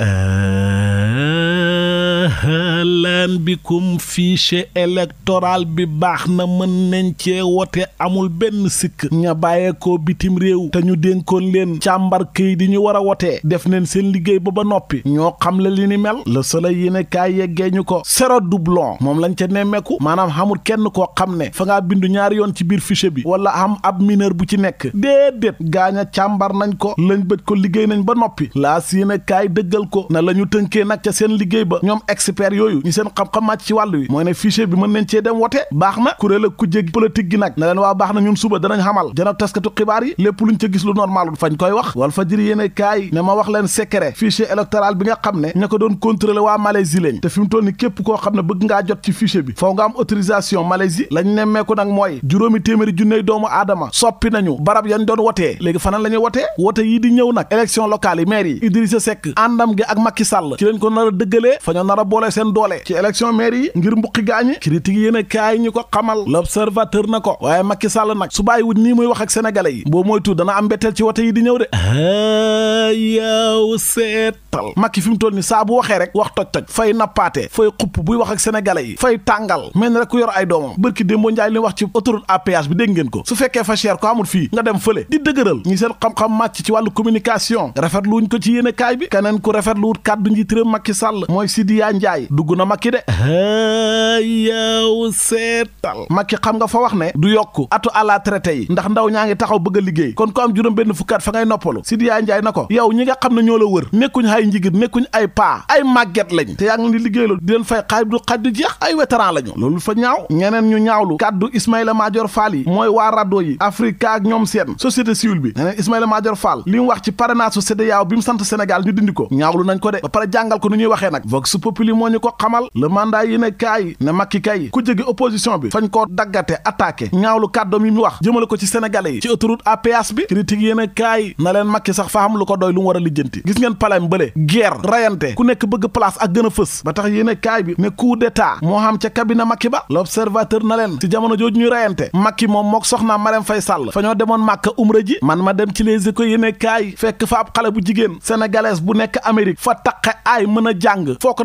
Uh, laan bikum fichier électoral bi baax na mën nañ cee wote amul benn sikk ña bàyyeekoo bitim réew te ñu dénkoon leen càmbar këy di ñu war a wotee def neen seen liggéey ba ba noppi ñoo xam la li ni mel la soleil yéene kaay yeggee ñu ko zéro doublon moom lañ ca nemmeeku maanaam xamul kenn koo xam ne fa ngaa bindu ñaari yoon ci biir fichier bi wala am ab mineur bu ci nekk déedéet gaañ a càmbar nañ ko lañ bët ko liggéey nañ ba noppi laas yéene kaay dëggal ko na la ñu tënkee nag ca seen liggéey ba ñoom expert yooyu ñi seen xam-xam màcc ci wàll wi mooy ne fichier bi mën nañ cee wote baax na kuréel ak kujjeg politique gi nag na leen waa baax na ñun suba danañ xamal jana taskatu xibaar yi lépp luñ ca gis lu normal fañ koy wax wal fajiri yéene kaay ne ma wax leen secret fichier électoral bi nga xam ne ña ko doon contrôler waa Malaisie lañ te fi ni képp koo xam ne bëgg ngaa jot ci fichier bi foo nga am autorisation Malaisie lañ nemmeeku nag mooy juróomi téeméeri a a jàppale ci élection maire yi ngir mbuqi gaañi critique yéen a kaay ñu ko xamal l'observateur na ko waaye Macky Sall nak su bàyyi wut nii muy wax ak sénégalais yi boo moytu dana am mbetteel ci wote yi di ñëw de yaw seetal Macky fi mu toll ni saa bu waxee wax toj toj fay nappaate fay xupp buy wax ak sénégalais yi fay tàngal mel ni ku yor ay doomam bërki démboo njaay li wax ci autoroute à péage bi dégg ngeen ko su fekkee fa cher ko amul fii nga dem fële di dëgërël ñi seen màcc ci wàllu communication rafetluwuñ ko ci yéen kaay bi keneen ku rafetluwut kàddu njiit réew Macky Sall mooy Sidiya Njaay Macky de yow seetal Macky xam nga fa wax ne du yokk atu àla traité yi ndax ndaw ñaa ngi taxaw bëgg liggéey kon ko am juróom benn fukkaat fa ngay noppalu Sidiya Njaay na ko yow ñi nga xam ne ñoo la wër nekkuñ ay njigit nekkuñ ay paa ay màgget lañ te yaa ngi leen liggéey loolu di leen fay xaaj du xaaj du jeex ay vétéran lañu loolu fa ñaaw ñeneen ñu ñaawlu kàddu Ismaïla Madior Fall yi mooy waa rado yi Afrique ak ñoom seen société civile bi ñeneen Ismaïla Madior Fall li mu wax ci parrainage su CEDEAO bi mu sant Sénégal ñu dindi ko ñaawlu nañ ko de nu ñuy waxee nag xamal le mandat yi ne kaay ne Macky kay ku jege opposition bi fañ koo daggate attaqué ñaawlu kàddoom yi mu wax jëmale ko ci sénégalais ci autoroute à bi critique yéen a na leen Macky sax fa xam lu ko doy lu mu war a lijjanti gis ngeen palem bële guerre rayante ku nekk bëgg place ak gën a fës ba tax yéen bi ne coup d'état moo xam ca cabinet Macky ba l'observateur na leen ci jamono jooju ñuy rayante Macky moom mook soxna Marème Faye Sall fa ñoo demoon ma a kaay fekk fa ab a jàng foo ko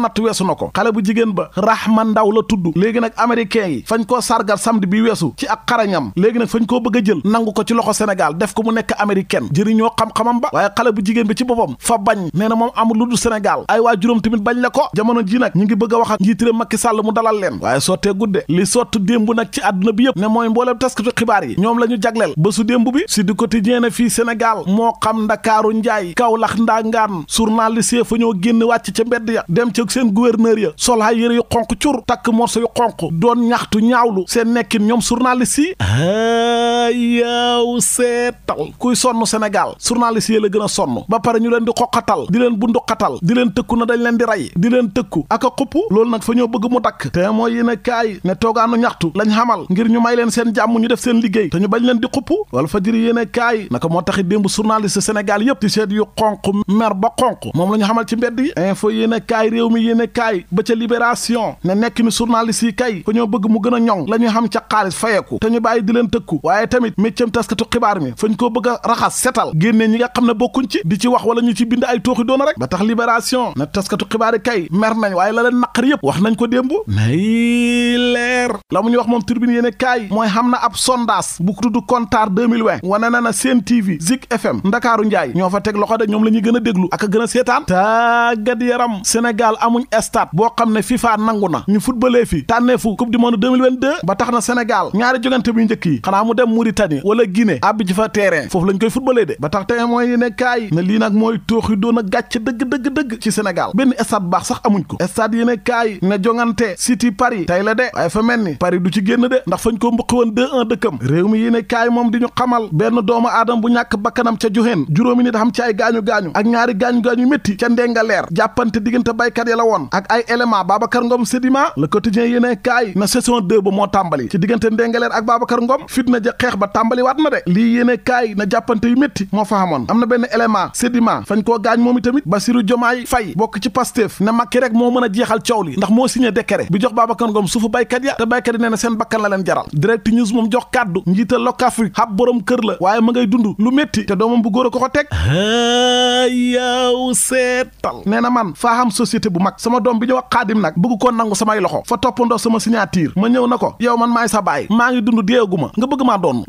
jigéen ba Rahma Ndaw la tudd léegi nag américain yi fañ koo sargal samedi bi weesu ci ak karañam léegi nag fañ koo bëgg a jël nangu ko ci loxo Sénégal def ko mu nekk américaine jëriñoo xam-xamam ba waaye xale bu jigéen bi ci boppam fa bañ nee na moom am lu dul Sénégal ay waa juróom tamit bañ la ko jamono ji nag ñu ngi bëgg a wax ak njiitéeram Macky mu dalal leen waaye sottee gudde li sott démb nag ci àdduna bi yëpp ne mooy mbooleem taskatu xibaar yi ñoom la ñu jagleel ba su démb bi si du quotidien na fii Sénégal moo xam Ndakaaru Njaay Kawlax Ndangaan journaliste fa ñoo génn wàcc ca mbedd dem ca seen gouverneur ya sol ay yére yu xonq cur takk morso yu xonq doon ñaxtu ñaawlu seen nekkin ñoom journaliste yi a yaaw seetal kuy sonn Sénégal journaliste yi la gën a sonn ba pare ñu leen di xoqatal di leen bunduxatal di leen tëkku na dañ leen di rey di leen tëkku ak a xupp loolu nag fa ñoo bëgg mu dakk te mooy yéen a kaay ne toogaanu ñaxtu lañ xamal ngir ñu may leen seen jàmm ñu def seen liggéey te ñu bañ leen di xupp wala fa jëri yéen a kaay naka moo taxi démb journaliste Sénégal yëpp ci seet yu xonq mer ba xonq moom la ñu xamal ci mbedd yi info yéen a kaay réew mi yéen a kaay ba ca libération ne nekk ni kay fa ñoo bëgg mu gën a ñoŋ la ñu ca xaalis fayeeku te ñu bàyyi di leen tëkku waaye tamit méccam taskatu xibaar mi fañ koo bëgg a raxas setal génnee ñi nga xam ne bokkuñ ci di ci wax wala ñu ci bind ay tooxi doona rek ba tax libération na taskatu xibaar kay mer nañ waaye la leen naqar yëpp wax nañ ko démb nay leer la mu ñu wax moom turbine yéene kaay mooy xam na ab sondage bu tudd Kantar wane na na Sen a a a xam ne FIFA nangu na ñu footballee fi tànneefu coupe du monde 2022 ba tax na Sénégal ñaari jogante bu njëkk yi xanaa mu dem Mauritanie wala Guinée àbbi ji fa terrain foofu lañ koy footballee de ba tax te mooy yi ne kaay ne lii nag mooy tooxi doon a gàcc dëgg dëgg dëgg ci Sénégal benn stade baax sax amuñ ko stade yi ne kaay jongante City Paris tey la de waaye fa mel ni Paris du ci génn de ndax fañ ko mbuqi woon 2-1 dëkkam réew mi yi ne kaay moom di ñu xamal benn doomu aadama bu ñàkk bakkanam ca joxeen juróomi nit xam ci ay gaañu gaañu ak ñaari gaañu gaañu métti ca ndengaleer jàppante diggante baykat ya la woon ak ay également Babacar Ngom Sedima le quotidien yéene kaay na saison 2 ba moo tàmbali ci diggante Ndengaleer ak Babacar Ngom fitna ja xeex ba tàmbali waat na de lii yéene kaay na jàppante yu métti moo fa am na benn élément Sedima fañ koo gaañ moom itamit Bassirou Diomaye Faye bokk ci Pastef ne Macky rek moo mën a jeexal coow li ndax moo signé décret bi jox Babacar Ngom suufu baykat ya te baykat yi nee na seen bakkan la leen jaral direct ma ngay a ko ñu xaadim nag bëgg koo nangu samay sa baay maa di ko ma ne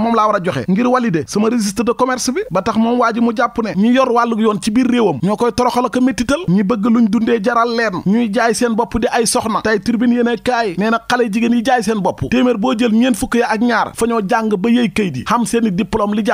moom laa war a joxe ngir valider sama registre de commerce bi ba tax moom waa mu jàpp ne ñi yor wàllu yoon ci biir réewam ñoo koy toroxal ak méttital ñi bëgg luñ dundee jaral leen ñuy jaay seen bopp di ay soxna tey turbine yéen kaay nee na xale jigéen yi jaay seen bopp téeméer boo jël ñeen fukk ya ak ñaar fa ñoo jàng ba yëy kayit yi xam seeni diplôme li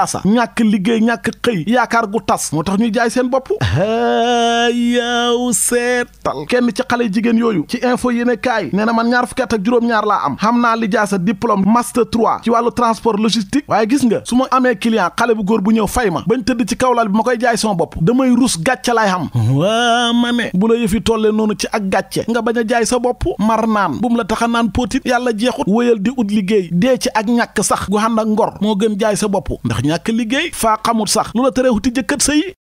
liggéey ñàkk xëy yaakaar gu tas moo tax ñuy jaay seen bopp ah, yaaw seetal kenn ci xale jigéen yooyu ci info yéen a kaay nee na man ñaar fukki at ak juróom-ñaar laa am xam naa li jaay sa diplôme master 3 ci wàllu transport logistique waaye gis nga su ma amee client xale bu góor bu ñëw fay ma bañ tëdd ci kawlal bi ma koy jaay sama bopp damay rus gàcce laay xam waa ma ne bu la yëfi tollee noonu ci ak gàcce nga bañ a jaay sa bopp mar naan bu la tax a naan póotit yàlla jeexut wëyal di ut liggéey dee ci ak ñàkk sax gu ak ngor moo gën jaay sa bopp liggéey faa xamul sax lu la teree wuti jëkkët sëy